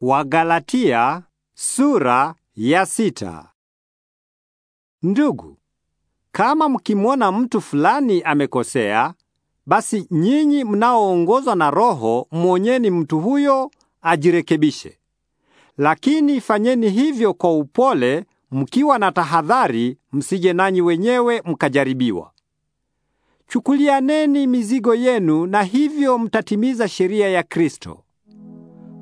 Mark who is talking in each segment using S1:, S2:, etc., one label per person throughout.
S1: Wagalatia sura ya sita. Ndugu, kama mkimwona mtu fulani amekosea, basi nyinyi mnaoongozwa na Roho mwonyeni mtu huyo ajirekebishe. Lakini fanyeni hivyo kwa upole, mkiwa na tahadhari, msije nanyi wenyewe mkajaribiwa. Chukulianeni mizigo yenu, na hivyo mtatimiza sheria ya Kristo.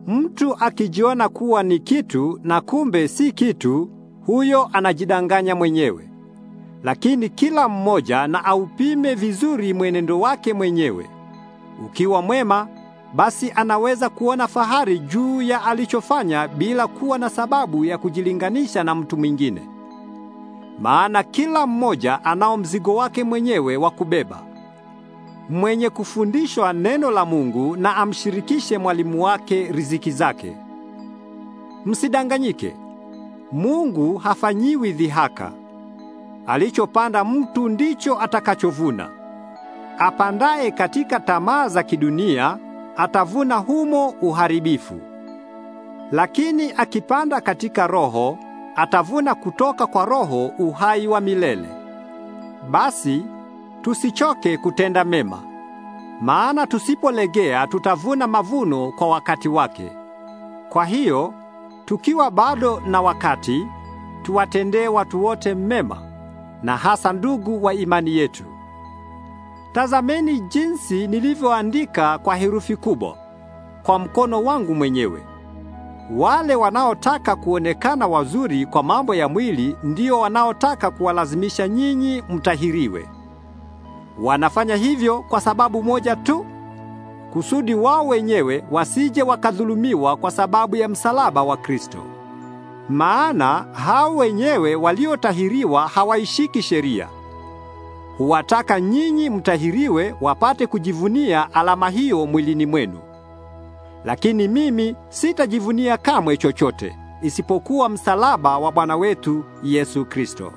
S1: Mtu akijiona kuwa ni kitu na kumbe si kitu, huyo anajidanganya mwenyewe. Lakini kila mmoja na aupime vizuri mwenendo wake mwenyewe. Ukiwa mwema, basi anaweza kuona fahari juu ya alichofanya bila kuwa na sababu ya kujilinganisha na mtu mwingine. Maana kila mmoja anao mzigo wake mwenyewe wa kubeba mwenye kufundishwa neno la Mungu na amshirikishe mwalimu wake riziki zake. Msidanganyike, Mungu hafanyiwi dhihaka. Alichopanda mtu ndicho atakachovuna. Apandaye katika tamaa za kidunia atavuna humo uharibifu, lakini akipanda katika Roho atavuna kutoka kwa Roho uhai wa milele. Basi tusichoke kutenda mema, maana tusipolegea tutavuna mavuno kwa wakati wake. Kwa hiyo tukiwa bado na wakati, tuwatendee watu wote mema, na hasa ndugu wa imani yetu. Tazameni jinsi nilivyoandika kwa herufi kubwa kwa mkono wangu mwenyewe. Wale wanaotaka kuonekana wazuri kwa mambo ya mwili ndio wanaotaka kuwalazimisha nyinyi mtahiriwe. Wanafanya hivyo kwa sababu moja tu, kusudi wao wenyewe wasije wakadhulumiwa kwa sababu ya msalaba wa Kristo. Maana hao wenyewe waliotahiriwa hawaishiki sheria. Huwataka nyinyi mtahiriwe wapate kujivunia alama hiyo mwilini mwenu. Lakini mimi sitajivunia kamwe chochote isipokuwa msalaba wa Bwana wetu Yesu Kristo.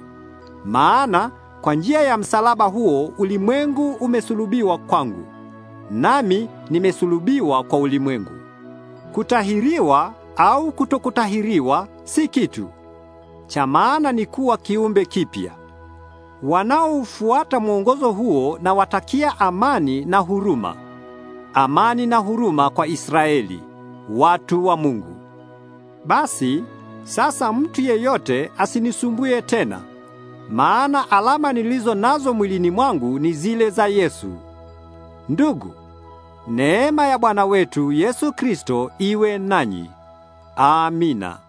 S1: Maana kwa njia ya msalaba huo ulimwengu umesulubiwa kwangu, nami nimesulubiwa kwa ulimwengu. Kutahiriwa au kutokutahiriwa si kitu cha maana, ni kuwa kiumbe kipya. Wanaofuata mwongozo huo na watakia amani na huruma, amani na huruma kwa Israeli, watu wa Mungu. Basi sasa, mtu yeyote asinisumbue tena maana alama nilizo nazo mwilini mwangu ni zile za Yesu. Ndugu, neema ya Bwana wetu Yesu Kristo iwe nanyi. Amina.